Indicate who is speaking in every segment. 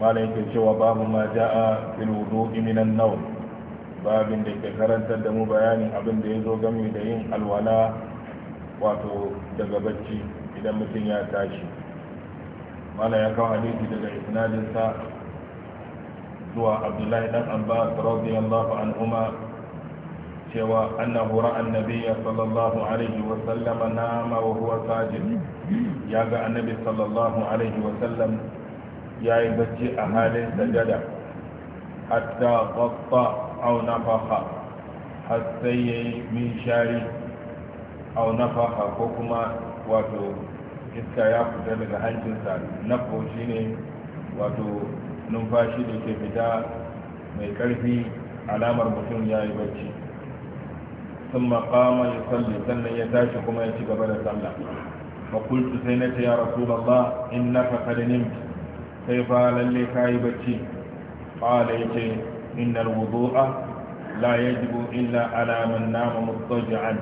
Speaker 1: mala yake cewa babu ma ja'a fil wudu'i minan nawm babin da ke karantar da mu bayanin abin da ya zo game da yin alwala wato daga bacci idan mutum ya tashi mala ya kawo hadisi daga isnadinsa zuwa abdullahi dan abbas radiyallahu anhuma cewa annahu ra'a annabiyya sallallahu alaihi wa sallam nama wa huwa sajid ya ga annabi sallallahu alaihi wa sallam ya yi bacci a halin sajada hatta gaba au faha har sai ya yi min shari au faha ko kuma wato iska ya fita daga hancinsa nafo shi ne wato numfashi da ke fita mai ƙarfi alamar mutum ya yi bacci sun makama ya salli sannan ya tashi kuma ya ci gaba da sallah fakultu sai na ce ya rasu in naka kada nimta sai fa lalle ka yi bacci ƙala ya ce innal wudu'a la yajibu illa ala man nama mustaji'an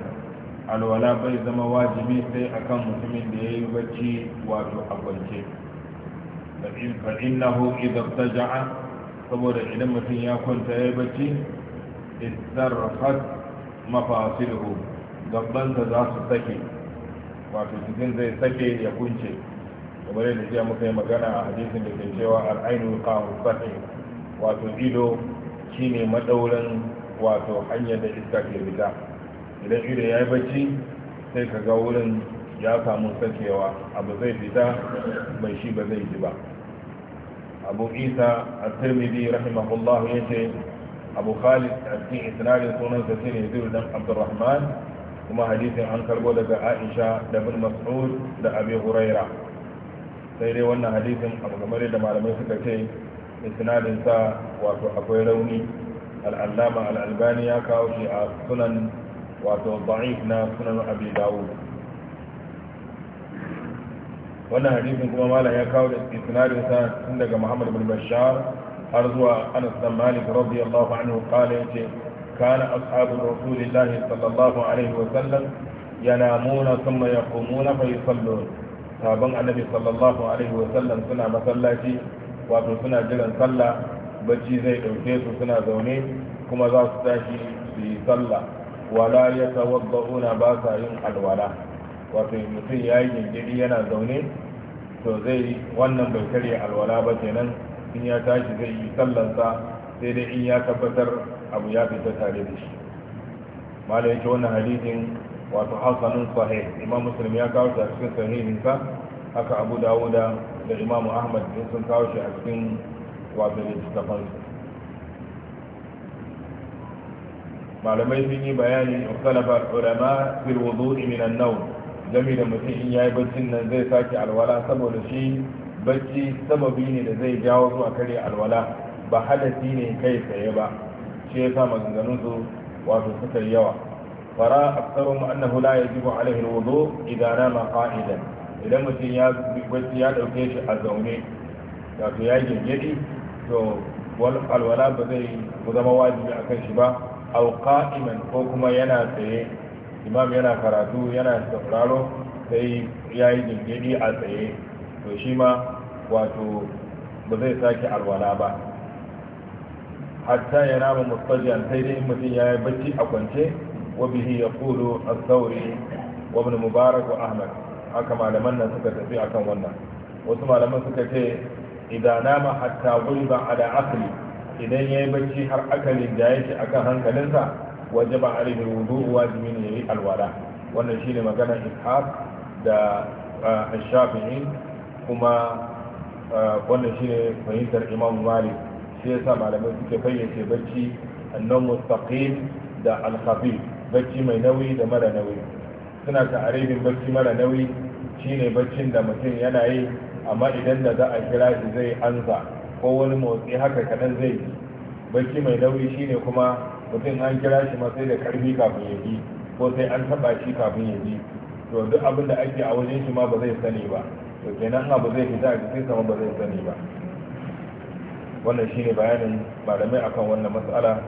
Speaker 1: alwala bai zama wajibi sai akan mutumin da ya yi bacci wato a kwance fa innahu idza istaja'a saboda idan mutum ya kwanta ya yi bacci istarfat mafasiluhu Gabbanta za su sake wato cikin zai sake ya kunce kamar yadda jiya muka yi magana a hadisin da ke cewa al'ainu kawo sahi wato ido shine madaurin wato hanyar da iska ke fita idan ido ya yi bacci sai ka ga wurin ya samu sakewa abu zai fita mai shi ba zai ji ba abu isa a tirmidhi rahimahullah ya ce abu khalid a cikin isnadin sunansa shine zuru dan abdurrahman kuma hadisin an karbo daga aisha da bin mas'ud da abi huraira sai dai wannan hadisin abu kamar da malamai suka ce isnadin sa wato akwai rauni al'allama al'albani ya kawo shi a sunan wato da'if na sunan abi dawud wannan hadisin kuma malam ya kawo da isnadin sa tun daga muhammad bin bashar har zuwa anas bin malik radiyallahu anhu qala yace kana ashabu rasulillahi sallallahu alaihi wa sallam yanamuna thumma yaqumuna fa yusalluna sabon annabi sallallahu alaihi sallam suna masallaci wato suna jiran sallah bacci zai ɗauke su suna zaune kuma za su tashi su yi sallah wala ya tawabba'una ba sa yin alwala wato mutum ya yi jinkiri yana zaune to zai wannan bai karya alwala ba kenan in ya tashi zai yi sallansa sai dai in ya tabbatar abu ya fita tare da shi mala yake wannan hadisin wato hasanun sahih imam muslim ya kawo shi a cikin sahihinsa haka abu dawuda da imamu ahmad din sun kawo shi a cikin wato littafan malamai sun yi bayani salafa ulama fil wudu'i min an-nawm dami da mutum in yayi baccin nan zai sake alwala saboda shi bacci sababi ne da zai jawo zuwa kare alwala ba hadasi ne kai tsaye ba shi yasa maganganun su wato suka yawa وراء أكثرهم أنه لا يجب عليه الوضوء إذا نام قائدا idan mutum ya bacci ya ɗauke shi a zaune wato ya gingiri to alwala ba zai zama wajibi a kan shi ba au qa'iman ko kuma yana tsaye imam yana karatu yana sauraro sai ya yi gingiri a tsaye to shi ma wato ba zai sake alwala ba hatta ya nama mustajiyan sai dai mutum ya yi bacci a kwance وبه يقول الثوري وابن مبارك وأحمد haka malaman nan suka tafi akan wannan wasu malaman suka ce idan nama hatta gulba da asali. idan yayi barci har akalin da yake akan hankalinsa wajaba alaihi wudu wajibi ne yayi alwala wannan shine maganar ishaq da shafi'i kuma wannan shine fahimtar imam malik shi yasa malamai suke fayyace bacci annan mustaqim da al bacci mai nauyi da mara nauyi suna ta'arifin bacci mara nauyi shine baccin da mutum yana yi amma idan da za a kira shi zai anza ko wani motsi haka kadan zai yi bacci mai nauyi shine kuma mutum an kira shi ma sai da karfi kafin ya ji ko sai an taba shi kafin ya ji to duk abin da ake a wajen shi ma ba zai sani ba to kenan abu zai fita a cikin sama ba zai sani ba wannan shine bayanin malamai akan wannan matsala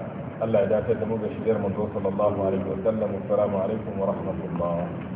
Speaker 1: الله إذا تدمو بشير من صلى الله عليه وسلم والسلام عليكم ورحمة الله